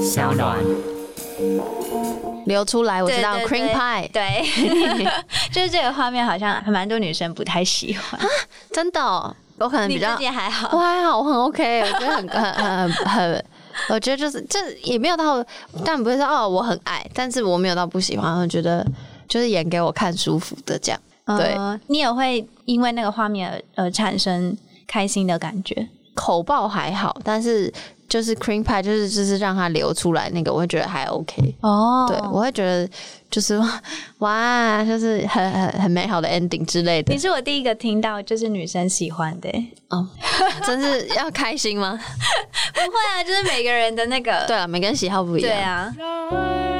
小暖流出來，我知道對對對 cream pie，對，對 就是這個畫面好像還蠻多女生不太喜歡，真的，我可能比較，還我還好，我好，我很 OK，我覺得很很很很，我覺得就是這、就是、也沒有到，但不會說哦我很愛，但是我沒有到不喜歡，我覺得就是演給我看舒服的這樣，對、呃，你也會因為那個畫面而而產生開心的感覺，口爆還好，嗯、但是。就是 cream pie，就是就是讓它流出來那個，我會覺得還 OK。哦，對，我會覺得就是哇，就是很很很美好的 ending 之類的。你是我第一個聽到就是女生喜歡的、欸，哦，oh, 真是要開心嗎？ 不會啊，就是每個人的那個， 對啊，每個人喜好不一樣。對啊。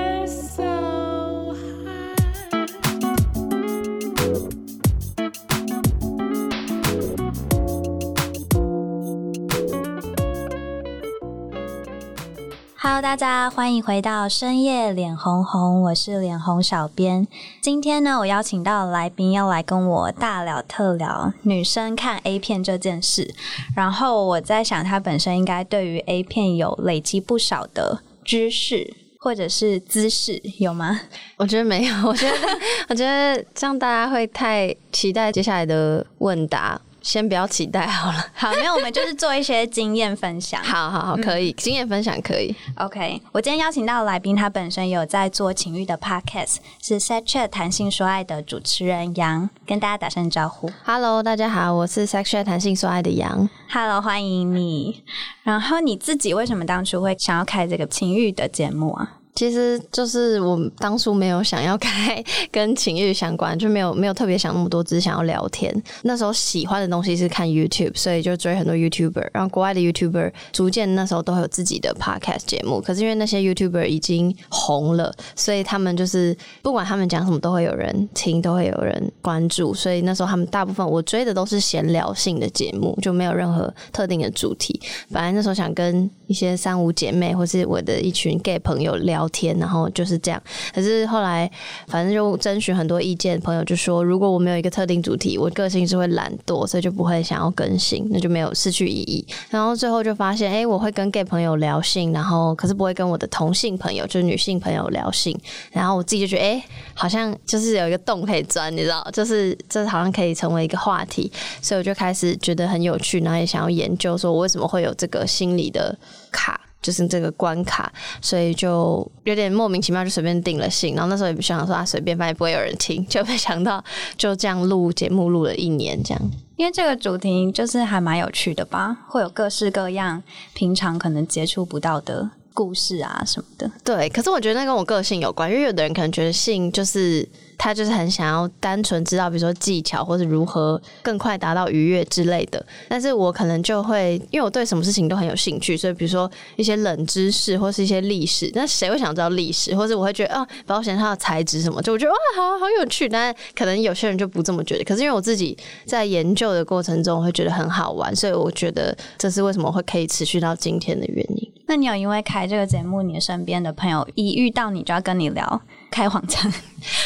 哈囉，大家歡迎回到深夜臉紅紅，我是臉紅小編。今天呢，我邀請到來賓要來跟我大聊特聊女生看 A 片這件事。然後我在想，她本身應該對於 A 片有累積不少的知識或者是姿勢，有嗎？我覺得沒有，我覺得 我覺得這樣大家會太期待接下來的問答。先不要期待好了， 好，那我們就是做一些經驗分享。 好好好，可以，嗯、經驗分享可以。OK，我今天邀請到來賓，他本身有在做情欲的 podcast，是《Sex Chat 談性說愛》的主持人楊，跟大家打聲招呼。Hello，大家好，我是《Sex Chat 談性說愛》的楊。Hello，歡迎你。 然後你自己為什麼當初會想要開這個情欲的節目啊？其實就是我當初沒有想要開跟情欲相關，就沒有沒有特別想那麼多，只是想要聊天。那時候喜歡的東西是看 YouTube，所以就追很多 YouTuber。然後國外的 YouTuber 逐漸那時候都有自己的 Podcast 節目，可是因為那些 YouTuber 已經紅了，所以他們就是不管他們講什麼都會有人聽，都會有人關注。所以那時候他們大部分我追的都是閒聊性的節目，就沒有任何特定的主題。反正那時候想跟一些三五姐妹或是我的一群 Gay 朋友聊，聊天，然後就是這樣。可是後來，反正就徵詢很多意見，朋友就說，如果我沒有一個特定主題，我個性是會懶惰，所以就不會想要更新，那就沒有失去意義。然後最後就發現，哎、欸，我會跟 gay 朋友聊性，然後可是不會跟我的同性朋友，就是女性朋友聊性。然後我自己就覺得，哎、欸，好像就是有一個洞可以鑽，你知道，就是這、就是、好像可以成為一個話題，所以我就開始覺得很有趣，然後也想要研究，說我為什麼會有這個心理的卡。就是這個關卡，所以就有點莫名其妙，就隨便定了性。然後那時候也不想說啊，隨便發也不會有人聽，就沒想到就這樣錄節目錄了一年這樣。因為這個主題就是還蠻有趣的吧，會有各式各樣平常可能接觸不到的。故事啊什麼的，對。可是我覺得那跟我個性有關，因為有的人可能覺得性就是他就是很想要單純知道，比如說技巧或是如何更快達到愉悅之類的。但是我可能就會因為我對什麼事情都很有興趣，所以比如說一些冷知識或是一些歷史，那誰會想知道歷史？或者我會覺得啊，保險它的材質什麼，就我覺得哇，好好有趣。但是可能有些人就不這麼覺得。可是因為我自己在研究的過程中，我會覺得很好玩，所以我覺得這是為什麼會可以持續到今天的原因。那你有因為開這個節目，你身邊的朋友一遇到你就要跟你聊開黃腔，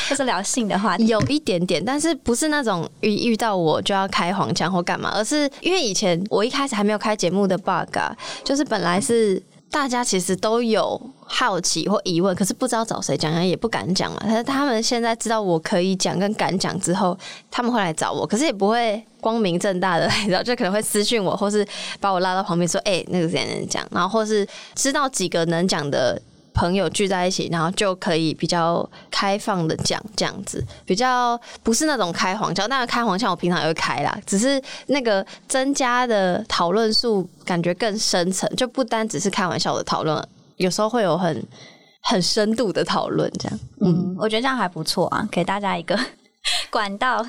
或 者 聊性的話？有一點點， 但是不是那種一遇到我就要開黃腔或幹嘛？而是因為以前我一開始還沒有開節目的 bug 啊，就是本來是。大家其實都有好奇或疑問，可是不知道找誰講，也也不敢講嘛。但是他們現在知道我可以講跟敢講之後，他們會來找我，可是也不會光明正大的來找，然後就可能會私信我，或是把我拉到旁邊說：“哎、欸，那個誰能講？”然後或是知道幾個能講的。朋友聚在一起，然後就可以比較開放的講這樣子，比較不是那種開黃腔，但是開黃腔我平常也會開啦，只是那個增加的討論數感覺更深層，就不單只是開玩笑的討論，有時候會有很很深度的討論這樣。嗯，嗯，我覺得這樣還不錯啊，給大家一個 管道。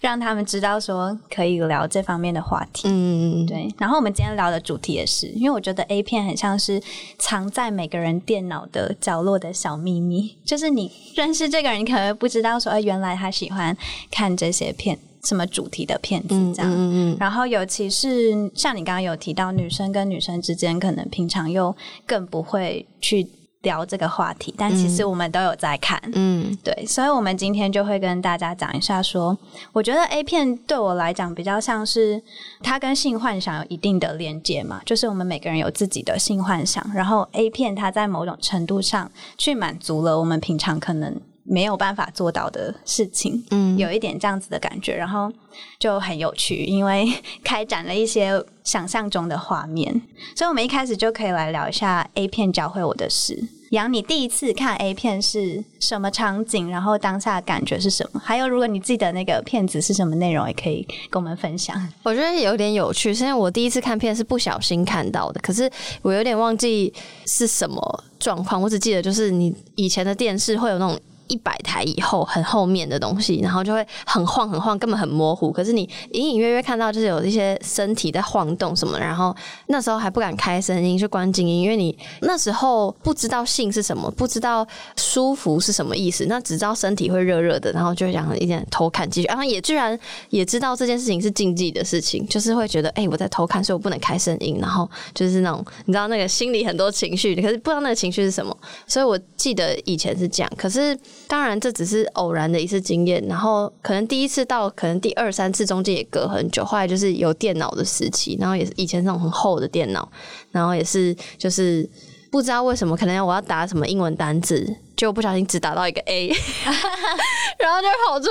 讓他們知道說可以聊這方面的話題，嗯，嗯，嗯，對。然後我們今天聊的主題也是，因為我覺得 A 片很像是藏在每個人電腦的角落的小祕密，就是你認識這個人，你可能不知道說，哎，原來他喜歡看這些片，什麼主題的片子這樣。嗯嗯嗯嗯。然後尤其是像你剛剛有提到，女生跟女生之間，可能平常又更不會去。聊這個話題，但其實我們都有在看，嗯，對，所以，我們今天就會跟大家講一下，說，我覺得 A 片對我來講比較像是它跟性幻想有一定的連接嘛，就是我們每個人有自己的性幻想，然後 A 片它在某種程度上去滿足了我們平常可能。沒有辦法做到的事情，嗯，有一點這樣子的感覺，然後就很有趣，因為開展了一些想象中的畫面。所以，我們一開始就可以來聊一下 A 片教會我的事。楊，你第一次看 A 片是什麼場景？然後，當下感覺是什麼？還有，如果你記得那個片子是什麼內容，也可以跟我們分享。我覺得有點有趣，因為我第一次看片是不小心看到的，可是我有點忘記是什麼狀況，我只記得就是你以前的電視會有那種。一百台以後，很後面的東西，然後就會很晃很晃，根本很模糊。可是你隱隱約約看到，就是有一些身體在晃動什麼。然後那時候還不敢開聲音，就關靜音，因為你那時候不知道性是什麼，不知道舒服是什麼意思，那只知道身體會熱熱的，然後就想一點偷看。繼續，然後也居然也知道這件事情是禁忌的事情，就是會覺得，哎、欸，我在偷看，所以我不能開聲音。然後就是那種，你知道那個心裡很多情緒，可是不知道那個情緒是什麼。所以我記得以前是這樣，可是。當然，這只是偶然的一次經驗，然後可能第一次到，可能第二三次中間也隔很久，後來就是有電腦的時期，然後也是以前那種很厚的電腦，然後也是就是不知道為什麼，可能我要打什麼英文單字。就不小心只打到一個 A， 然後就跑出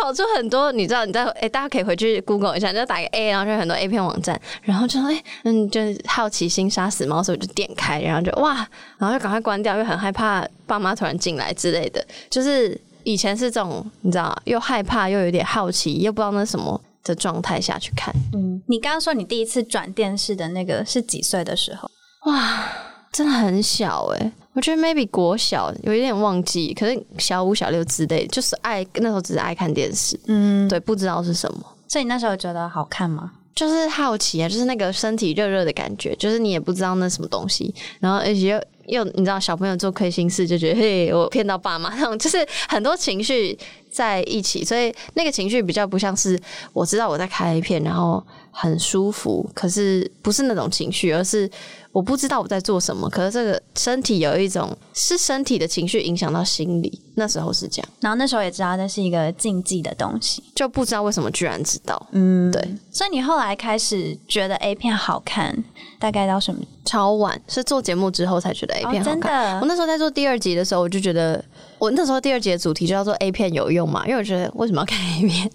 跑出很多，你知道？你知道、欸。大家可以回去 Google 一下，就打一個 A，然後就很多 A 片網站，然後就誒、欸、嗯，就是好奇心殺死貓，所以我就點開，然後就哇，然後就趕快關掉，又很害怕爸媽突然進來之類的，就是以前是這種你知道，又害怕又有點好奇，又不知道那什麼的狀態下去看。嗯，你剛剛說你第一次轉電視的那個是幾歲的時候？哇，真的很小誒、欸。我覺得 maybe 國小有一點忘記，可是小五、小六之類，就是愛那時候只是愛看電視，嗯，對，不知道是什麼。所以你那時候覺得好看嗎？就是好奇啊，就是那個身體熱熱的感覺，就是你也不知道那什麼東西，然後而且又你知道小朋友做虧心事就覺得嘿，我騙到爸媽，那種就是很多情緒在一起，所以那個情緒比較不像是我知道我在開一片，然後很舒服，可是不是那種情緒，而是。我不知道我在做什麼，可是這個身體有一種是身體的情緒影響到心理，那時候是這樣。然後那時候也知道那是一個禁忌的東西，就不知道為什麼居然知道。嗯，對。所以你後來開始覺得 A 片好看，大概到什麼？超晚，是做節目之後才覺得 A 片好看。Oh, 真的，我那時候在做第二集的時候，我就覺得我那時候第二集的主題就叫做 A 片有用嘛，因為我覺得為什麼要看 A 片？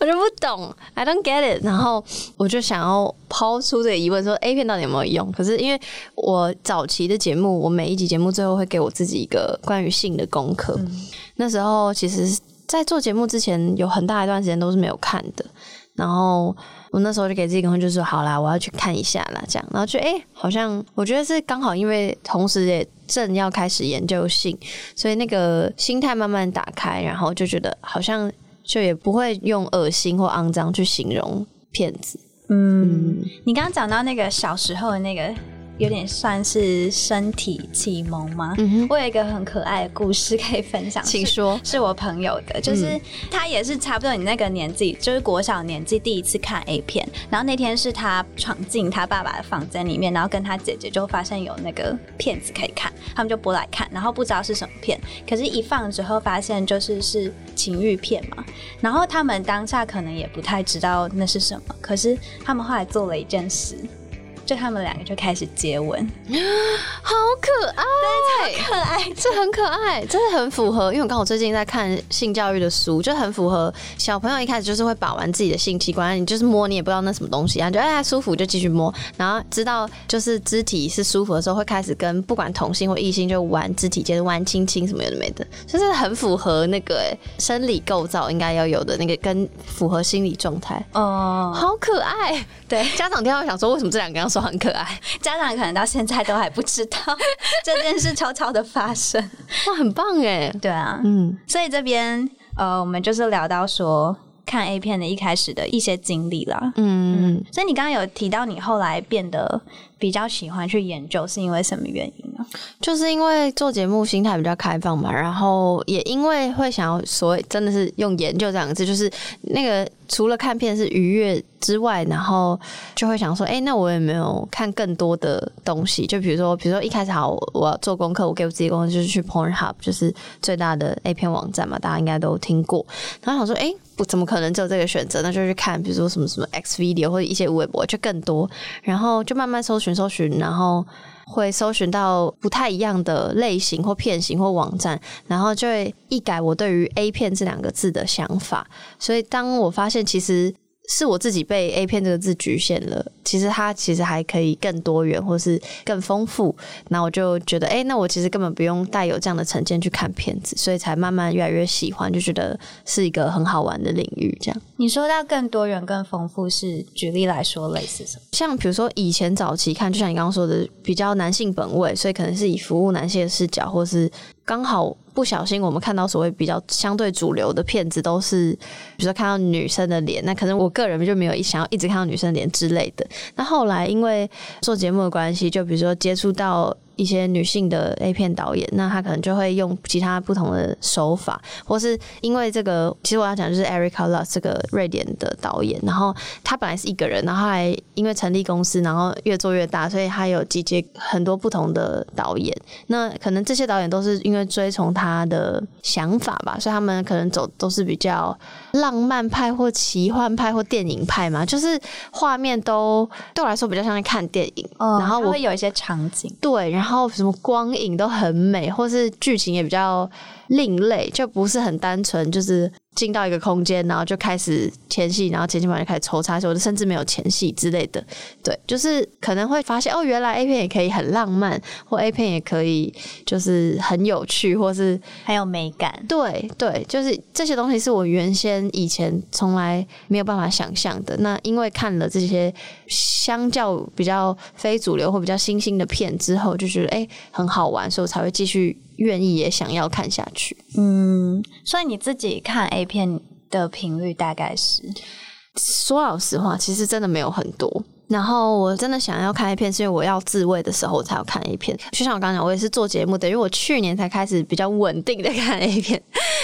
我就不懂，I don't get it。然後我就想要拋出這個疑問說：A 片到底有沒有用？可是因為我早期的節目，我每一集節目最後會給我自己一個關於性的功課。嗯、那時候其實，在做節目之前，有很大一段時間都是沒有看的。然後我那時候就給自己一個就是說：「好啦，我要去看一下啦」這樣，然後就誒好像我覺得是剛好，因為同時也正要開始研究性，所以那個心態慢慢打開，然後就覺得好像。就也不會用噁心或骯髒去形容片子。嗯，嗯，你剛剛講到那個小時候的那個。有點算是身體啟蒙嗎？嗯、哼我有一個很可愛的故事可以分享，請說。是，是我朋友的，就是他也是差不多你那個年紀，就是國小年紀第一次看 A 片，然後那天是他闖進他爸爸的房間裡面，然後跟他姐姐就發現有那個片子可以看，他們就播來看，然後不知道是什麼片，可是一放之後發現就是是情欲片嘛，然後他們當下可能也不太知道那是什麼，可是他們後來做了一件事。就他們兩個就開始接吻，好可愛。對，好可愛，這很可愛，真的很符合。因為我剛好最近在看性教育的書，就很符合小朋友一開始就是會把玩自己的性器官，你就是摸你也不知道那什麼東西，啊，你就哎呀舒服就繼續摸，然後知道就是肢體是舒服的時候，會開始跟不管同性或異性就玩肢體接著玩親親什麼有的沒的，就是很符合那個、欸、生理構造應該要有的那個，跟符合心理狀態。哦，oh, 好可愛。對，家長電話想說為什麼這兩個要說。很可愛，家長可能到現在都還不知道 這件事悄悄的發生， 哇，很棒哎！對啊，嗯，所以這邊呃，我們就是聊到說看 A 片的一開始的一些經歷啦，嗯，嗯，所以你剛剛有提到你後來變得。比較喜歡去研究，是因為什麼原因呢？就是因為做節目心態比較開放嘛，然後也因為會想要所謂真的是用研究這兩個字，就是那個除了看片是愉悅之外，然後就會想說，哎、欸，那我也沒有看更多的東西。就比如說，比如說一開始好，我要做功課，我給我自己功課就是去 Pornhub，就是最大的 A 片網站嘛，大家應該都聽過。然後想說，哎、欸，我怎麼可能只有這個選擇？那就去看，比如說什麼什麼 X Video 或者一些微博，就更多。然後就慢慢搜尋，搜尋，然後會搜尋到不太一樣的類型或片型、或網站，然後就會一改我對於 A 片這兩個字的想法。所以，當我發現其實，是我自己被 A 片這個字侷限了，其實它其實還可以更多元，或是更豐富，那我就覺得，哎、欸，那我其實根本不用帶有這樣的成見去看片子，所以才慢慢越來越喜歡，就覺得是一個很好玩的領域這樣。你說到更多元更豐富，是舉例來說，類似什麼？像比如說以前早期看，就像你剛剛說的，比較男性本位，所以可能是以服務男性的視角，或是。剛好不小心，我們看到所謂比較相對主流的片子，都是比如說看到女生的臉，那可能我個人就沒有想要一直看到女生的臉之類的。那後來因為做節目的關係，就比如說接觸到。一些女性的 A 片導演，那她可能就會用其他不同的手法，或是因為這個，其實我要講就是 Erica Lust 這個瑞典的導演，然後她本來是一個人，然後還因為成立公司，然後越做越大，所以她有集結很多不同的導演。那可能這些導演都是因為追從她的想法吧，所以他們可能走都是比較浪漫派或奇幻派或電影派嘛，就是畫面都對我來說比較像在看電影，哦，然後我會有一些場景，對，然後。然後什麼光影都很美，或是劇情也比較另類，就不是很單純，就是。進到一個空間，然後就開始前戲，然後前戲完就開始抽插，所以我就甚至沒有前戲之類的。對，就是可能會發現哦，原來 A 片也可以很浪漫，或 A 片也可以就是很有趣，或是還有美感。對對，就是這些東西是我原先以前從來沒有辦法想象的。那因為看了這些相較比較非主流或比較新興的片之後，就覺得，欸，很好玩，所以我才會繼續。願意也想要看下去，嗯，所以你自己看 A 片的頻率大概是？說老實話，其實真的沒有很多。然後我真的想要看 A 片，是因為我要自慰的時候，我才要看 A 片。就像我剛剛講，我也是做節目的，等於我去年才開始比較穩定的看 A 片。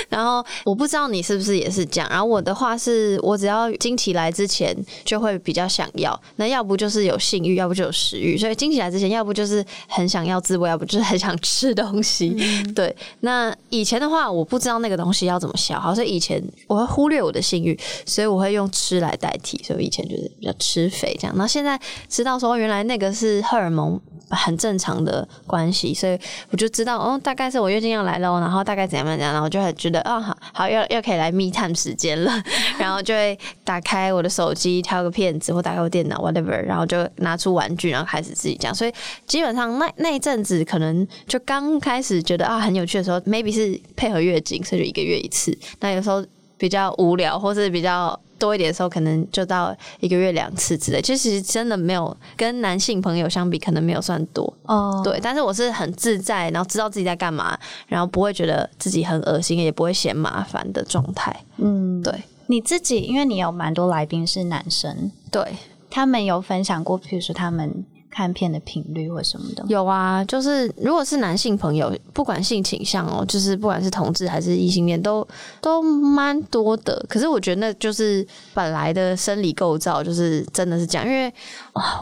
然後我不知道你是不是也是這樣。然後我的話是我只要經期來之前就會比較想要，那要不就是有性欲，要不就有食欲。所以經期來之前，要不就是很想要自慰，要不就是很想吃東西。嗯、對，那以前的話，我不知道那個東西要怎麼消耗，好像以、以前我會忽略我的性欲，所以我會用吃來代替。所以以前就是比較吃肥這樣。那，現在知道說原來那個是荷爾蒙很正常的關係，所以我就知道哦，大概是我月經要來了，然後大概怎樣怎樣，然後就會覺得啊、哦，好，又可以來 me time 時間了，然後就會打開我的手機挑個片子，或打開我電腦 whatever，然後就拿出玩具，然後開始自己講。所以基本上那那一陣子可能就剛開始覺得啊很有趣的時候，maybe 是配合月經，所以就一個月一次。那有時候比較無聊，或是比較。多一點的時候，可能就到一個月兩次之類，其實真的沒有跟男性朋友相比，可能沒有算多哦。Oh. 對，但是我是很自在，然後知道自己在幹嘛，然後不會覺得自己很惡心，也不會嫌麻煩的狀態。嗯，對，你自己因為你有蠻多來賓是男生，對他們有分享過，譬如說他們。看片的頻率或什麼的？有啊，就是如果是男性朋友，不管性傾向哦，就是不管是同志還是異性戀，都都蠻多的。可是我覺得，那就是本來的生理構造，就是真的是這樣，因為。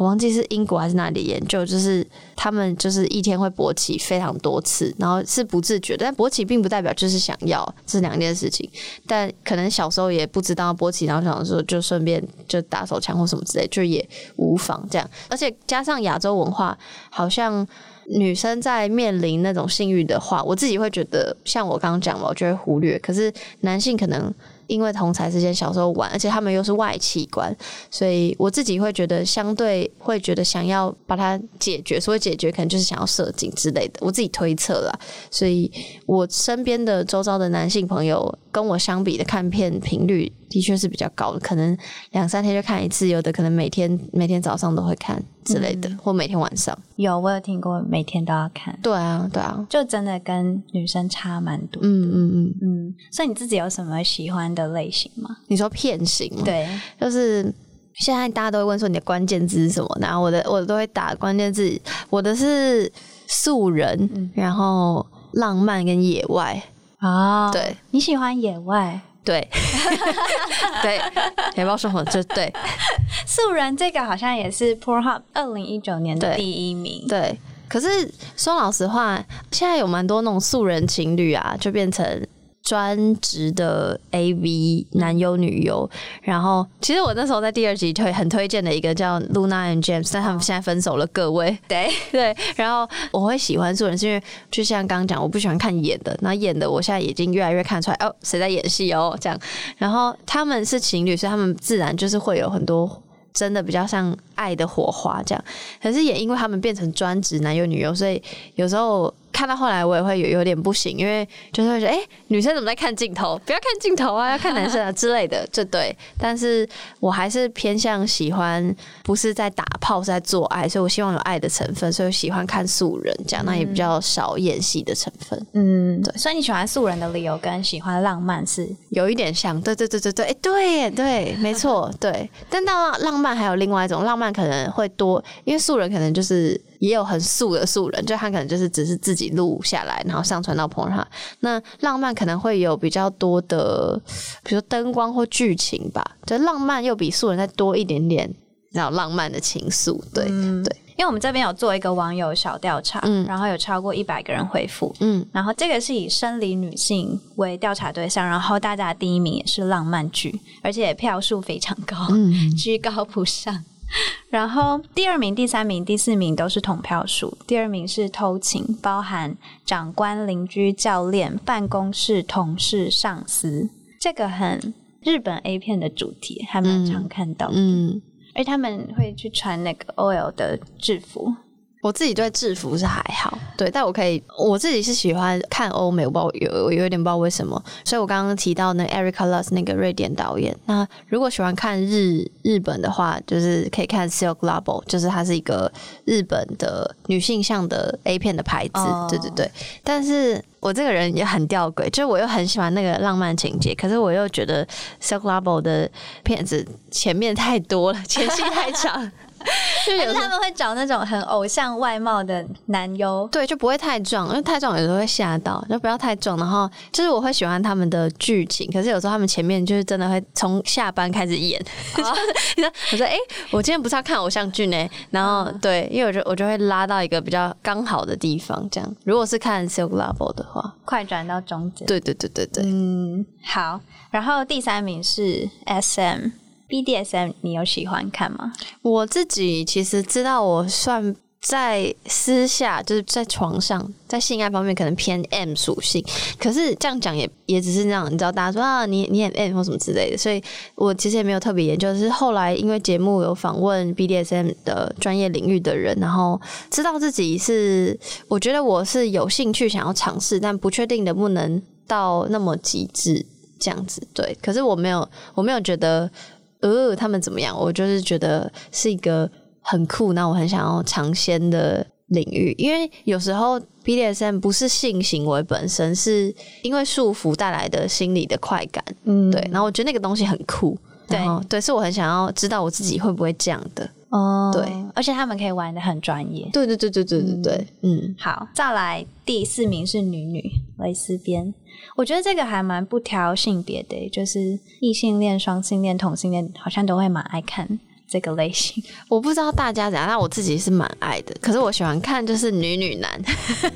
忘記是英國還是哪裡研究，就是他們就是一天會勃起非常多次，然後是不自覺，但勃起並不代表就是想要，這是兩件事情。但可能小時候也不知道勃起，然後小時候就順便就打手槍或什麼之類，就也無妨這樣。而且加上亞洲文化，好像女生在面臨那種性欲的話，我自己會覺得，像我剛剛講嘛，我就會忽略。可是男性可能。因為同才之間小時候玩，而且他們又是外器官，所以我自己會覺得相對會覺得想要把它解決，所以解決可能就是想要射精之類的，我自己推測啦。所以我身邊的周遭的男性朋友跟我相比的看片頻率，的確是比較高的，可能兩三天就看一次，有的可能每天每天早上都會看之類的，嗯、或每天晚上有我有聽過每天都要看，對啊對啊，對啊，就真的跟女生差蠻多嗯，嗯嗯嗯嗯。所以你自己有什麼喜歡的類型嗎？你說片型？對，就是現在大家都會問說你的關鍵字是什麼，然後我的我的都會打關鍵字，我的是素人，嗯、然後浪漫跟野外啊，哦、對，你喜歡野外。對，對，黑貓說謊就對。素人這個好像也是 Pornhub 二零一九年的第一名對。對，可是說老實話，現在有蠻多那種素人情侶啊，就變成。專職的 A V 男優女優，然後其實我那時候在第二集推很推薦的一個叫 Luna and James，但他們現在分手了。各位，對對，然後我會喜歡做人，是因為就像剛剛講，我不喜歡看演的，那演的我現在已經越來越看出來哦，誰在演戲哦，這樣。然後他們是情侶，所以他們自然就是會有很多真的比較像愛的火花這樣。可是也因為他們變成專職男優女優，所以有時候。看到後來我也會有有點不行，因為就是會覺得哎、欸，女生怎麼在看鏡頭？不要看鏡頭啊，要看男生啊 之類的。這對，但是我還是偏向喜歡不是在打炮，是在做愛，所以我希望有愛的成分，所以我喜歡看素人這樣，嗯、那也比較少演戲的成分。嗯，對。所以你喜歡素人的理由跟喜歡浪漫是有一點像？對對對對對、欸、對耶對耶 對，沒錯，對。但到浪漫還有另外一種浪漫，可能會多，因為素人可能就是。也有很素的素人，就他可能就是只是自己錄下來，然後上傳到朋友圈。那浪漫可能會有比較多的，比如說燈光或劇情吧。就浪漫又比素人再多一點點，然後浪漫的情愫。對、嗯、對，因為我們這邊有做一個網友小調查，嗯、然後有超過一百個人回復，嗯，然後這個是以生理女性為調查對象，然後大家的第一名也是浪漫劇，而且票數非常高，嗯、居高不下。 然後第二名、第三名、第四名都是同票數。第二名是偷情，包含長官、鄰居、教練、辦公室同事、上司，這個很日本 A 片的主題，還蠻常看到嗯。嗯，而他們會去穿那個 OL 的制服。我自己對制服是還好，對，但我可以，我自己是喜歡看歐美，我不知道有，我有點不知道為什麼。所以我剛剛提到那 Erica Lust 那個瑞典導演。那如果喜歡看日日本的話，就是可以看 Silk Labo，就是它是一個日本的女性向的 A 片的牌子。Oh. 對對對。但是我這個人也很吊詭，就我又很喜歡那個浪漫情節，可是我又覺得 Silk Labo 的片子前面太多了，前戲太長。 就是他們會找那種很偶像外貌的男優，對，就不會太壯，因為太壯有時候會嚇到，就不要太壯。然後就是我會喜歡他們的劇情，可是有時候他們前面就是真的會從下班開始演。然後、哦， 我說，哎、欸，我今天不是要看偶像劇呢、欸？然後，哦、對，因為我就我就會拉到一個比較剛好的地方。這樣，如果是看《Silk Labo》的話，快轉到中間。對，對對對對對，嗯，好。然後第三名是 SM。BDSM，你有喜歡看嗎？我自己其實知道，我算在私下就是在床上，在性愛方面可能偏 M 屬性。可是這樣講也也只是那樣，你知道，大家說啊，你你很 M 或什麼之類的。所以我其實也沒有特別研究。就是後來因為節目有訪問 BDSM 的專業領域的人，然後知道自己是，我覺得我是有興趣想要嘗試，但不確定能不能到那麼極致這樣子。對，可是我沒有，我沒有覺得。呃、嗯，他們怎麼樣？我就是覺得是一個很酷，那我很想要嘗鮮的領域。因為有時候 BDSM 不是性行為本身，是因為束縛帶來的心理的快感，嗯、對。然後我覺得那個東西很酷，對，對，是我很想要知道我自己會不會這樣的。哦，oh, 對，而且他們可以玩得很專業。對對對對對對對，嗯，嗯，好，再來第四名是女女蕾絲邊，我覺得這個還蠻不挑性別的，就是異性戀、雙性戀、同性戀，好像都會蠻愛看，這個類型，我不知道大家怎樣，但我自己是蠻愛的。可是我喜歡看，就是女女男，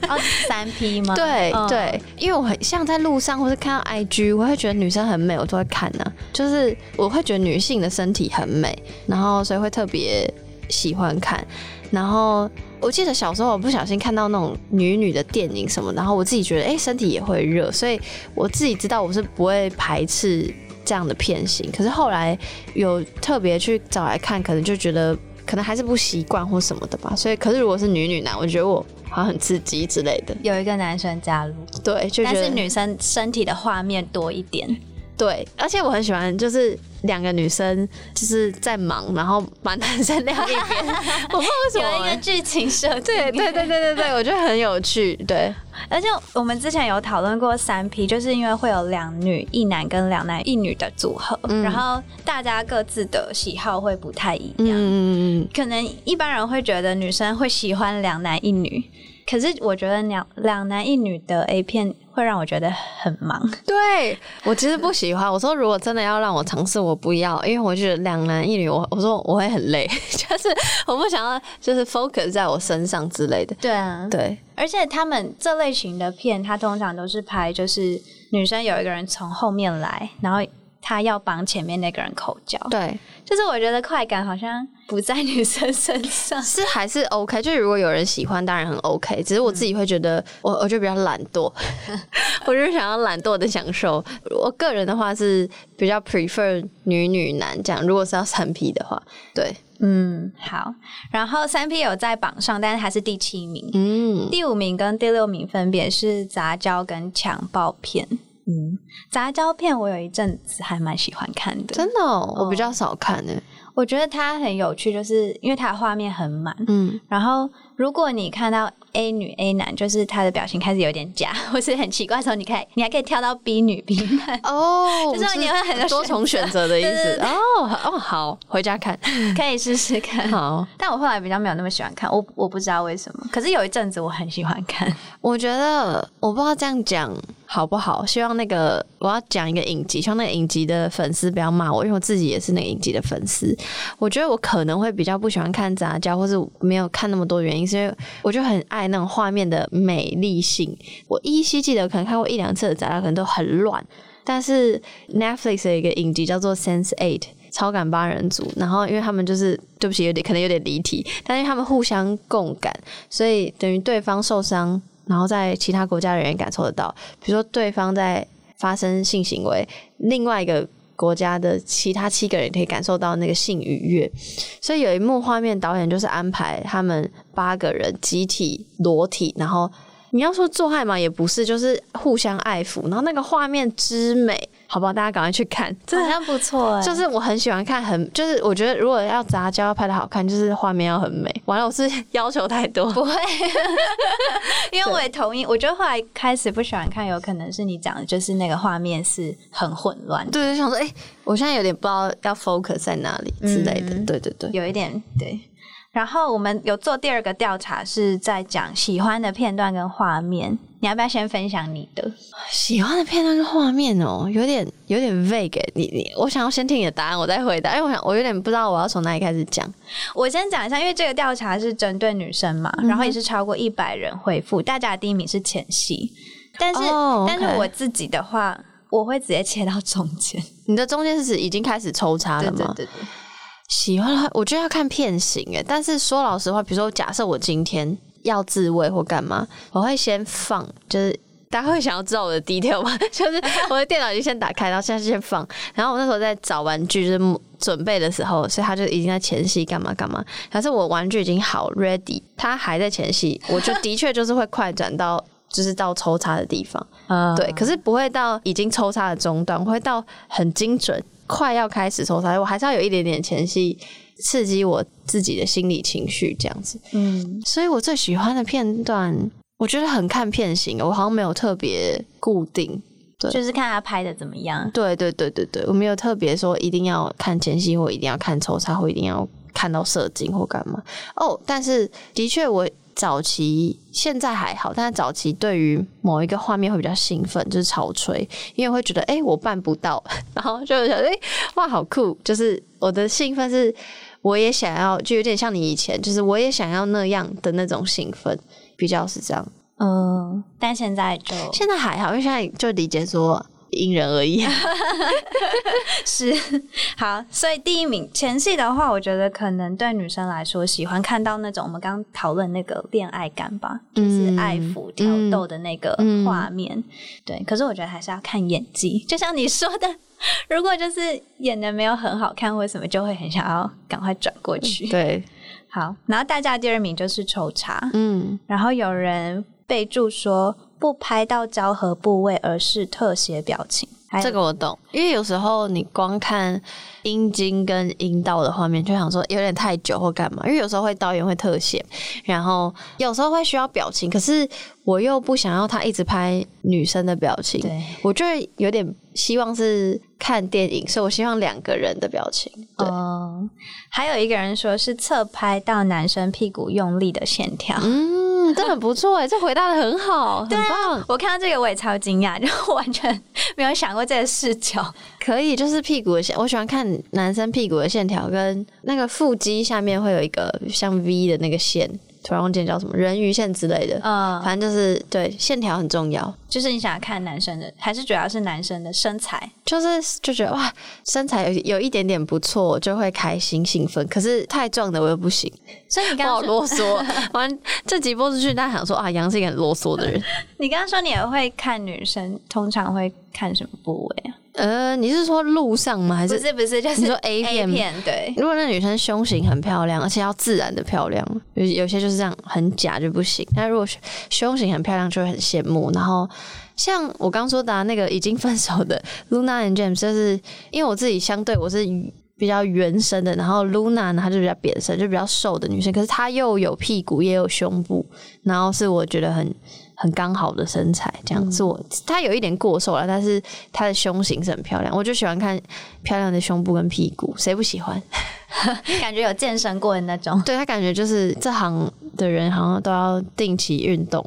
哦， 三 P 嗎？對對，因為我很像在路上或是看到 IG，我會覺得女生很美，我都會看呢、啊。就是我會覺得女性的身體很美，然後所以會特別喜歡看。然後我記得小時候我不小心看到那種女女的電影什麼，然後我自己覺得哎、欸、身體也會熱，所以我自己知道我是不會排斥這樣的片型，可是後來有特別去找來看，可能就覺得可能還是不習慣或什麼的吧。所以，可是如果是女女男，我覺得我好像很刺激之類的。有一個男生加入，對，就但是女生身體的畫面多一點。對，而且我很喜歡，就是兩個女生就是在忙，然後把男生晾一邊， 我怕為有一個劇情設計，對對對對對對，我覺得很有趣。對，而且我們之前有討論過三 P，就是因為會有兩女一男跟兩男一女的組合，嗯、然後大家各自的喜好會不太一樣。嗯嗯嗯，可能一般人會覺得女生會喜歡兩男一女，可是我覺得兩兩男一女的 A 片。會讓我覺得很忙，對。對，我其實不喜歡。 我說如果真的要讓我嘗試，我不要，因為我覺得兩男一女我，我我說我會很累， 就是我不想要，就是 focus 在我身上之類的。對啊，對。而且他們這類型的片，他通常都是拍就是女生有一個人從後面來，然後他要幫前面那個人口交。對，就是我覺得快感好像。不在女生身上是還是 OK，就是如果有人喜歡，當然很 OK。只是我自己會覺得，嗯、我我就比較懶惰， 我就想要懶惰的享受。我個人的話是比較 prefer 女女男這樣。如果是要三 P 的話，對，嗯，好。然後三 P 有在榜上，但是還是第七名。嗯，第五名跟第六名分別是雜交跟強暴片。嗯，雜交片我有一陣子還蠻喜歡看的，真的、哦，我比較少看的、欸。Oh, 我覺得它很有趣，就是因為它畫面很滿，嗯，然後。如果你看到 A 女 A 男，就是他的表情開始有點假，或是很奇怪的時候，你可以你還可以跳到 B 女 B 男哦，oh, 就是你會很多重選擇的意思哦哦，好，回家看可以試試看好，但我後來比較沒有那麼喜歡看，我我不知道為什麼，可是有一陣子我很喜歡看，我覺得我不知道這樣講好不好，希望那個我要講一個影集，希望那個影集的粉絲不要罵我，因為我自己也是那個影集的粉絲，我覺得我可能會比較不喜歡看雜交，或是沒有看那麼多原因。所以我就很愛那種畫面的美麗性。我依稀記得可能看過一兩次的展覽，可能都很亂。但是 Netflix 的一個影集叫做《Sense Eight》超感八人組，然後因為他們就是對不起，有點可能有點離題，但是他們互相共感，所以等於對方受傷，然後在其他國家的人也感受得到。比如說對方在發生性行為，另外一個。國家的其他七個人也可以感受到那個性愉悅，所以有一幕畫面，導演就是安排他們八個人集體裸體，然後你要說做愛嘛，也不是，就是互相愛撫，然後那個畫面之美。好不好，大家趕快去看，真的好像不錯哎、欸。就是我很喜歡看很，很就是我覺得，如果要雜交要拍的好看，就是畫面要很美。完了，我是不是要求太多？不會， 因為我也同意。我覺得後來開始不喜歡看，有可能是你講的就是那個畫面是很混亂。對，對，對，就想說，誒、欸、我現在有點不知道要 focus 在哪裡之類的。嗯、對對對，有一點對。然後我們有做第二個調查，是在講喜歡的片段跟畫面。你要不要先分享你的喜歡的片段跟畫面哦？有點有點 vague、欸、你你，我想要先聽你的答案，我再回答。因為我想，我有點不知道我要從哪裡開始講。我先講一下，因為這個調查是針對女生嘛，嗯、哼然後也是超過一百人回復，大家第一名是前戲，但是、oh, okay. 但是我自己的話，我會直接切到中間。你的中間是指已經開始抽插了嗎？對對對對。喜歡的話，我覺得要看片型誒，但是說老實話，比如說假設我今天要自慰或幹嘛，我會先放，就是大家會想要知道我的 detail 嗎？ 就是我的電腦已經先打開，然後現在先放。然後我那時候在找玩具，就是準備的時候，所以他就已經在前戲幹嘛幹嘛。可是我玩具已經好 ready，他還在前戲，我就的確就是會快轉到 就是到抽插的地方，嗯，uh. 對，可是不會到已經抽插的中段，我會到很精準。快要開始抽插，我還是要有一點點前戲，刺激我自己的心理情緒，這樣子。嗯，所以我最喜歡的片段，我覺得很看片型，我好像沒有特別固定，對，就是看他拍的怎麼樣。對對對對對，我沒有特別說一定要看前戲或一定要看抽插或一定要看到射精或幹嘛哦。Oh, 但是的確我。早期現在還好，但是早期對於某一個畫面會比較興奮，就是潮吹，因為會覺得哎、欸，我辦不到，然後就覺得哎，哇，好酷！就是我的興奮是，我也想要，就有點像你以前，就是我也想要那樣的那種興奮，比較是這樣。嗯，但現在就現在還好，因為現在就理解說。因人而異、啊， 是好，所以第一名前戲的話，我覺得可能對女生來說，喜歡看到那種我們剛討論那個戀愛感吧，就是愛撫挑逗的那個畫面，嗯嗯嗯、對。可是我覺得還是要看演技，就像你說的，如果就是演的沒有很好看或什麼，就會很想要趕快轉過去。對，好，然後大家第二名就是抽插，嗯，然後有人備註說。不拍到交合部位，而是特寫表情。這個我懂，因為有時候你光看陰莖跟陰道的畫面，就想說有點太久或幹嘛。因為有時候會導演會特寫，然後有時候會需要表情，可是我又不想要他一直拍女生的表情。對，我就是有點希望是看電影，所以我希望兩個人的表情。對，嗯，還有一個人說是側拍到男生屁股用力的線條。嗯。嗯、真的很不錯哎，這回答的很好。 啊、很棒。我看到這個我也超驚訝，就完全沒有想過這個視角。可以，就是屁股的線，我喜歡看男生屁股的線條，跟那個腹肌下面會有一個像 V 的那個線。突然忘記叫什麼人魚線之類的，嗯，反正就是對線條很重要。就是你想要看男生的，還是主要是男生的身材，就是就覺得哇，身材有有一點點不錯，就會開心興奮。可是太壯的我又不行，所以你剛剛說，我好囉嗦 完這集播出去，大家想說啊，楊是一個很囉嗦的人。 你剛剛說你也會看女生，通常會看什麼部位？呃，你是說路上嗎？還是，不是不是，就是，你說 A 片, A 片對。如果那女生胸型很漂亮，而且要自然的漂亮，有有些就是這樣很假就不行。那如果胸型很漂亮，就會很羨慕。然後像我剛說的、啊，那個已經分手的 Luna and James，就是因為我自己相對我是比較圓身的，然後 Luna 呢她就比較扁身，就比較瘦的女生，可是她又有屁股也有胸部，然後是我覺得很。很剛好的身材，這樣做。我、嗯、他有一點過瘦了，但是他的胸型是很漂亮。我就喜歡看漂亮的胸部跟屁股，誰不喜歡？ 感覺有健身過的那種。對，他感覺就是這行的人好像都要定期運動。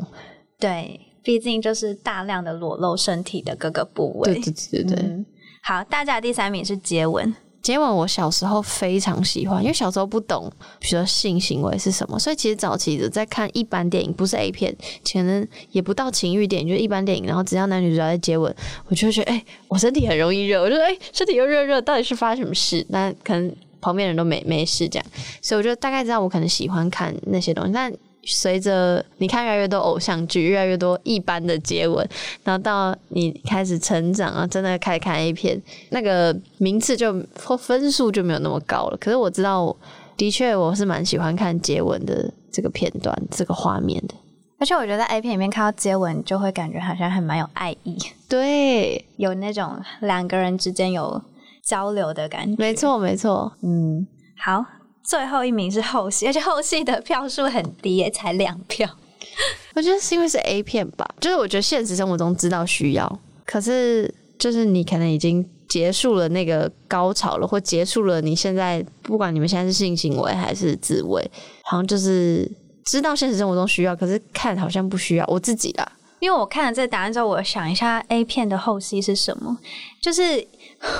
對，畢竟就是大量的裸露身體的各個部位。對對對對。嗯、好，大家第三名是接吻。接吻，我小時候非常喜歡，因為小時候不懂，比如說性行為是什麼，所以其實早期在看一般電影，不是 A 片，可能也不到情欲電影，就是一般電影，然後只要男女主角在接吻，我就會覺得，哎、欸，我身體很容易熱，我就說，哎、欸，身體又熱熱，到底是發生什麼事？那可能旁邊人都沒沒事這樣，所以我就大概知道我可能喜歡看那些東西，但。隨着你看越來越多偶像劇，越來越多一般的接吻，然後到你開始成長啊，真的開始看 A 片，那個名次就或分數就沒有那麼高了。可是我知道我，的確我是蠻喜歡看接吻的這個片段、這個畫面的。而且我覺得在 A 片裡面看到接吻，就會感覺好像還蠻有愛意，對，有那種兩個人之間有交流的感覺。沒錯，沒錯，嗯，好。最後一名是後戲，而且後戲的票數很低，才兩票。 我覺得是因為是 A 片吧，就是我覺得現實生活中知道需要，可是就是你可能已經結束了那個高潮了，或結束了你現在不管你們現在是性行為還是自慰，好像就是知道現實生活中需要，可是看好像不需要。我自己的，因為我看了這個答案之後，我想一下 A 片的後戲是什麼，就是。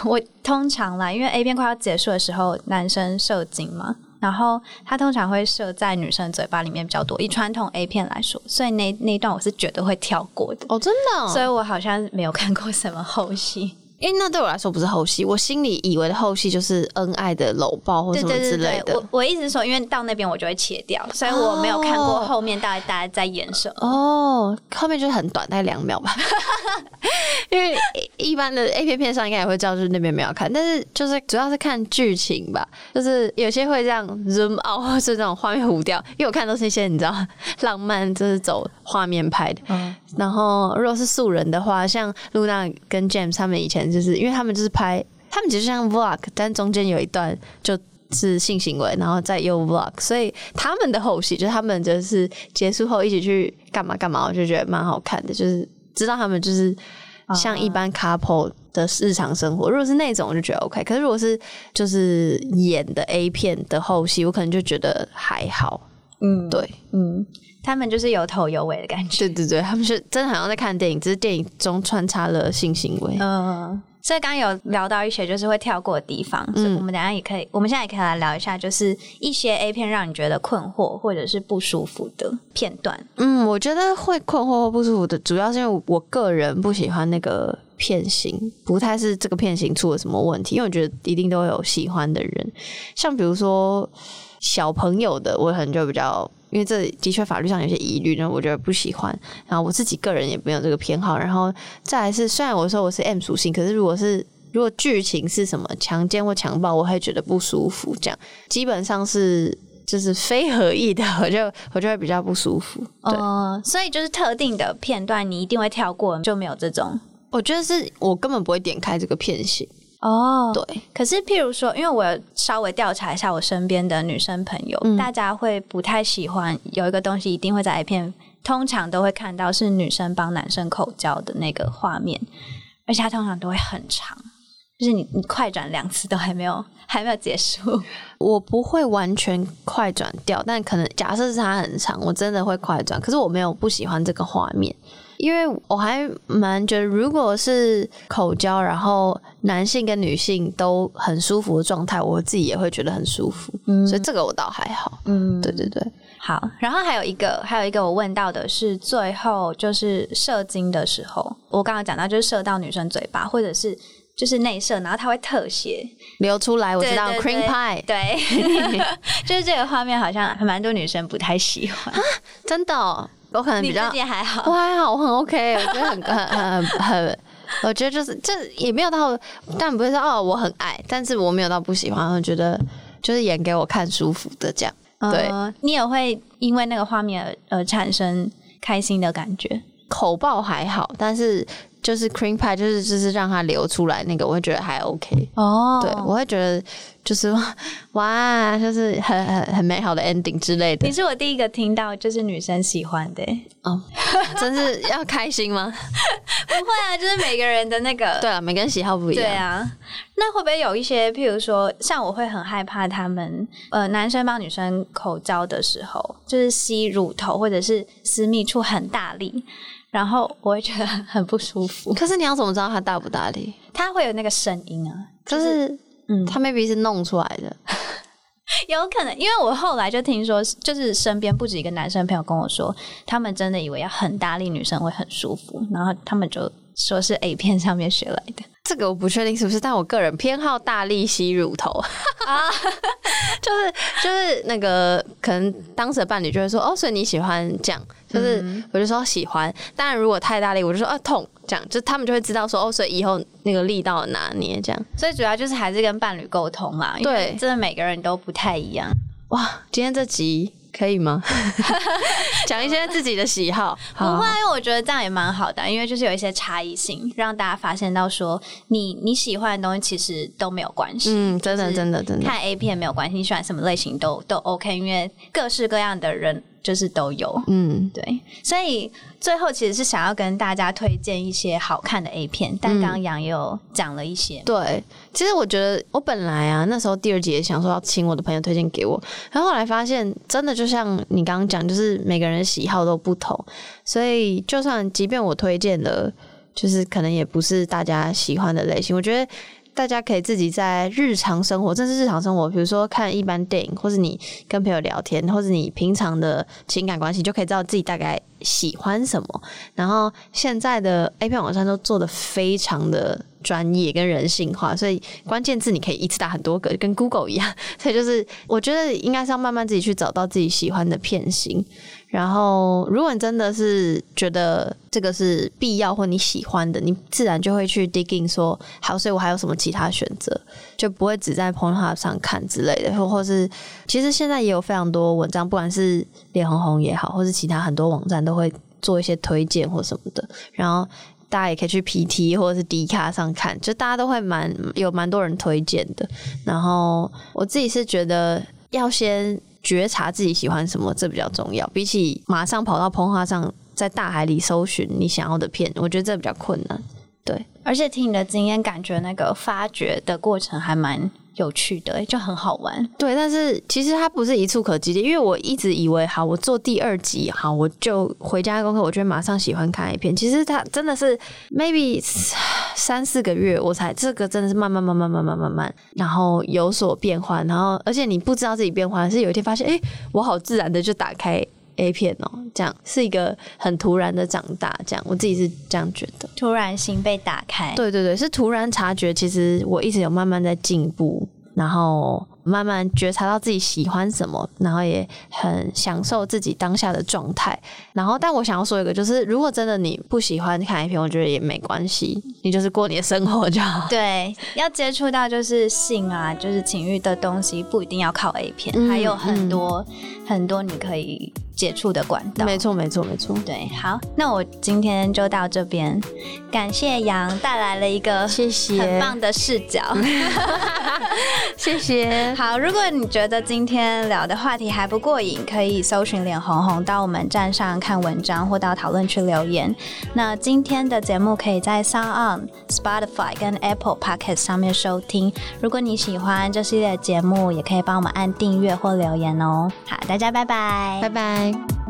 我通常啦，因為 A 片快要結束的時候，男生射精嘛，然後他通常會射在女生嘴巴裡面比較多。以傳統 A 片來說，所以那那一段我是絕對會跳過的。哦，真的哦？所以我好像沒有看過什麼後戲。因為那對我來說不是後戲，我心裡以為的後戲就是恩愛的摟抱或什麼之類的。對對對對我我一直說，因為到那邊我就會切掉，哦、所以我沒有看過後面大概大家在演什麼。哦，後面就是很短，大概兩秒吧。 因為一,一般的 A 片片上應該也會照著，就是那邊沒有看。但是就是主要是看劇情吧，就是有些會這樣 zoom out，或者是這種畫面糊掉。因為我看都是一些你知道浪漫，就是走畫面拍的。嗯，然後如果是素人的話，像露娜跟 James 他們以前。就是因為他們就是拍，他們其實像 vlog，但中間有一段就是性行為，然後再又 vlog，所以他們的後戲就是他們就是結束後一起去幹嘛幹嘛，我就覺得蠻好看的。就是知道他們就是像一般 couple 的日常生活，uh. 如果是那種我就覺得 OK，可是如果是就是演的 A 片的後戲，我可能就覺得還好。嗯，對，嗯，他們就是有頭有尾的感覺。對對對，他們是真的好像在看電影，只是電影中穿插了性行為。嗯，所以剛有聊到一些就是會跳過的地方，嗯，我們等下也可以，我們現在也可以來聊一下，就是一些 A 片讓你覺得困惑或者是不舒服的片段。嗯，我覺得會困惑或不舒服的，主要是因為我個人不喜歡那個片型，不太是這個片型出了什麼問題，因為我覺得一定都有喜歡的人，像比如說。小朋友的，我可能就比較，因為這的確法律上有些疑慮，那我覺得不喜歡，然後我自己個人也沒有這個偏好，然後再來是，雖然我說我是 M 屬性，可是如果是如果劇情是什麼強奸或強暴，我會覺得不舒服，這樣基本上是就是非合意的，我就我就會比較不舒服，對，uh, 所以就是特定的片段你一定會跳過，就沒有這種，我覺得是我根本不會點開這個片型。哦，oh, 對。可是，譬如說，因為我稍微調查一下我身邊的女生朋友，嗯、大家會不太喜歡有一個東西一定會在 A 片通常都會看到是女生幫男生口交的那個畫面，而且它通常都會很長，就是你你快轉兩次都還沒有還沒有結束。我不會完全快轉掉，但可能假設是它很長，我真的會快轉。可是我沒有不喜歡這個畫面。因為我還蠻覺得，如果是口交，然後男性跟女性都很舒服的狀態，我自己也會覺得很舒服，嗯，所以這個我倒還好。嗯，對對對，好。然後還有一個，還有一個我問到的是，最後就是射精的時候，我剛剛講到就是射到女生嘴巴，或者是就是內射，然後它會特寫流出來，我知道對對對 Cream pie，對，對， 就是這個畫面好像還蠻多女生不太喜歡啊，蛤真的、哦。我可能比較，你自己還好，我還好，我很 OK，我覺得很 很很很，我覺得就是這也沒有到，但不會說哦，我很愛，但是我沒有到不喜歡，我覺得就是演給我看舒服的這樣。對，嗯、你也會因為那個畫面而而產生開心的感覺。口爆還好，但是。就是 cream pie，就是就是讓它流出來那個，我會覺得還 OK。哦，對，我會覺得就是哇，就是很很很美好的 ending 之類的。你是我第一個聽到就是女生喜歡的、欸，哦，oh. 真是要開心嗎？ 不會啊，就是每個人的那個， 對啊，每個人喜好不一樣。對啊，那會不會有一些，譬如說，像我會很害怕他們，呃，男生幫女生口交的時候，就是吸乳頭或者是私密處很大力。然後我會覺得很不舒服。可是你要怎麼知道他大不大力？他會有那個聲音啊，就是，是嗯，他 maybe 是弄出來的， 有可能。因為我後來就聽說，就是身邊不止一個男生朋友跟我說，他們真的以為要很大力女生會很舒服，然後他們就說是 A 片上面學來的。這個我不確定是不是，但我個人偏好大力吸乳頭哈、 啊、就是就是那個可能當時的伴侶就會說哦，所以你喜歡這樣，就是我就說喜歡。嗯、當然如果太大力，我就說啊痛這樣，就他們就會知道說哦，所以以後那個力道拿捏這樣。所以主要就是還是跟伴侶溝通嘛，因為對真的每個人都不太一樣。哇，今天這集。可以嗎？講 一些自己的喜好，不會 好，因為我覺得這樣也蠻好的，因為就是有一些差異性，讓大家發現到說你，你你喜歡的東西其實都沒有關係。嗯，真的，真的，真的。看 A 片沒有關係，你喜歡什麼類型都都 OK，因為各式各樣的人，就是都有，嗯，對，所以最後其實是想要跟大家推薦一些好看的 A 片，但剛剛楊又講了一些。嗯，對，其實我覺得我本來啊那時候第二集想說要請我的朋友推薦給我，然後後來發現真的就像你剛剛講，就是每個人喜好都不同，所以就算即便我推薦的，就是可能也不是大家喜歡的類型，我覺得。大家可以自己在日常生活，這是日常生活，比如說看一般電影，或是你跟朋友聊天，或者你平常的情感關係，就可以知道自己大概喜歡什麼。然後現在的 A 片網站都做得非常的專業跟人性化，所以關鍵字你可以一次打很多個，跟 Google 一樣。所以就是我覺得應該是要慢慢自己去找到自己喜歡的片型。然後，如果你真的是覺得這個是必要或你喜歡的，你自然就會去 digging 說，好，所以我還有什麼其他選擇，就不會只在 Pornhub 上看之類的，或或是，其實現在也有非常多文章，不管是臉紅紅也好，或是其他很多網站都會做一些推薦或什麼的，然後大家也可以去 PT 或者是 Dcard 上看，就大家都會蠻有蠻多人推薦的。然後我自己是覺得要先。覺察自己喜歡什麼，這比較重要。比起馬上跑到 Pornhub 上，在大海裡搜尋你想要的片，我覺得這比較困難。對，而且聽你的經驗，感覺那個發掘的過程還蠻。有趣的、欸、就很好玩，對。但是其實它不是一觸可及的，因為我一直以為，好，我做第二集，好，我就回家功課，我就會馬上喜歡看 A 片。其實它真的是 maybe 三四個月，我才這個真的是慢慢慢慢慢慢慢慢，然後有所變換，然後而且你不知道自己變換，是有一天發現，哎，我好自然的就打開。A 片哦、喔，這樣是一個很突然的長大，這樣我自己是這樣覺得。突然心被打開，對對對，是突然察覺。其實我一直有慢慢在進步，然後慢慢覺察到自己喜歡什麼，然後也很享受自己當下的狀態。然後，但我想要說一個，就是如果真的你不喜歡看 A 片，我覺得也沒關係，你就是過你的生活就好。對，要接觸到就是性啊，就是情慾的東西，不一定要靠 A 片，嗯、還有很多。很多你可以接觸的管道沒。沒錯沒錯沒錯。對，好，那我今天就到這邊，感謝楊帶來了一個謝謝很棒的視角，謝謝。 謝謝。好，如果你覺得今天聊的話題還不過癮，可以搜尋臉紅紅到我們站上看文章或到討論區留言。那今天的節目可以在 SoundOn、Spotify 跟 Apple Podcast 上面收聽。如果你喜歡這系列節目，也可以幫我們按訂閱或留言哦。好，大。大家拜拜，拜拜。